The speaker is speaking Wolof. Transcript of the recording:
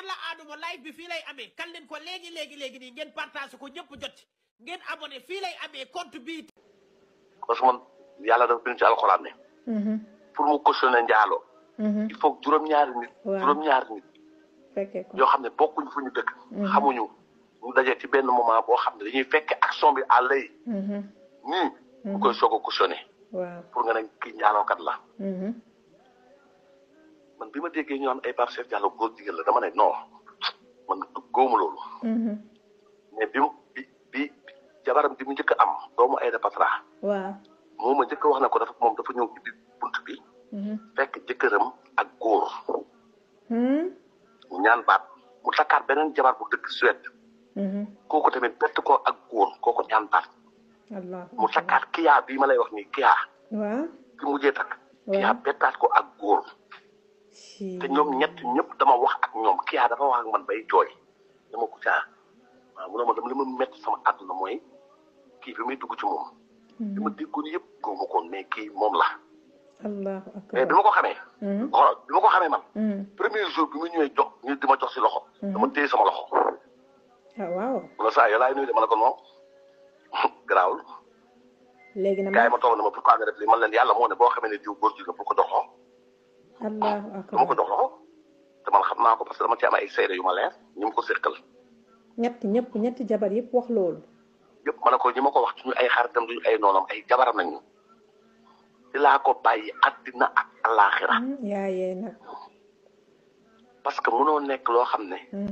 alla aaduma live bi fii lay amee kan leen ko léegi léegi léegi nii ngeen partage ko ñëpp jot ngeen abonné fii lay amee compte bi parce que man yàlla dafa bind ci alxuraan ne mhm. pour mu cautionner njaaloo mhm. il faut juróom-ñaari nit xam ne bokkuñ fu ñu dëkk mhm. xamuñu ñu dajee ci benn moment boo xam ne dañuy fekk action bi à l'œil nii ñu koy soog a cautionner pour nga ne kii njaalookat la man bi ma déggee ñu naan ay Pape Cheikh Diallo góor la dama ne non man góomu loolu. Mhm. mais bi bi jabaram bi mu njëkk a am doomu Aïda Patra. moom njëkk wax na ko dafa moom dafa ñëw ubbi bunt bi. Mhm. fekk jëkkëram ak góor. Hmm? ñaan baat mu takkaat beneen jabar bu dëkk Suède. Mhm. kooku tamit bett ko ak góor kooku ñaan baat. mu takkaat kiyaa bii ma lay wax ni kiyaa. waaw ki mujjee takk. kiyaa bettaat ko ak góor. te ñoom ñett ñëpp dama wax ak ñoom kii dafa wax ak man bay jooy dama ko caa waaw mu ne ma dama li ma métti sama àdduna mooy kii bi muy dugg ci moom. li ma déggoon yëpp góob ma ko mais moom la. allahu ko xamee. xoolal bi ko xamee man. premier jour bi mu ñëwee jox ma jox si loxo. dama téye sama loxo. ah waaw. wala saa yoo laay nuyu de ma ne ko non garaawul. léegi nag gars yi ma na ma pourquoi nga def lii man leen yàlla moo ne boo xamee ne jiw góor ji la bu ko doxoo. allahu akbar moo ko jox loxo te xam naa ko parce que dama ci am ay seede yu ma leer ñu ko séqal ñett ñëpp ñetti jabar yëpp wax loolu yëpp ma ne ko ñi ma wax duñu ay xaritam duñu ay noonam ay jabaram nañu di laa ko bàyyi àddina ak alaaxira mm, yaayee parce que mënoo nekk loo xam ne mm.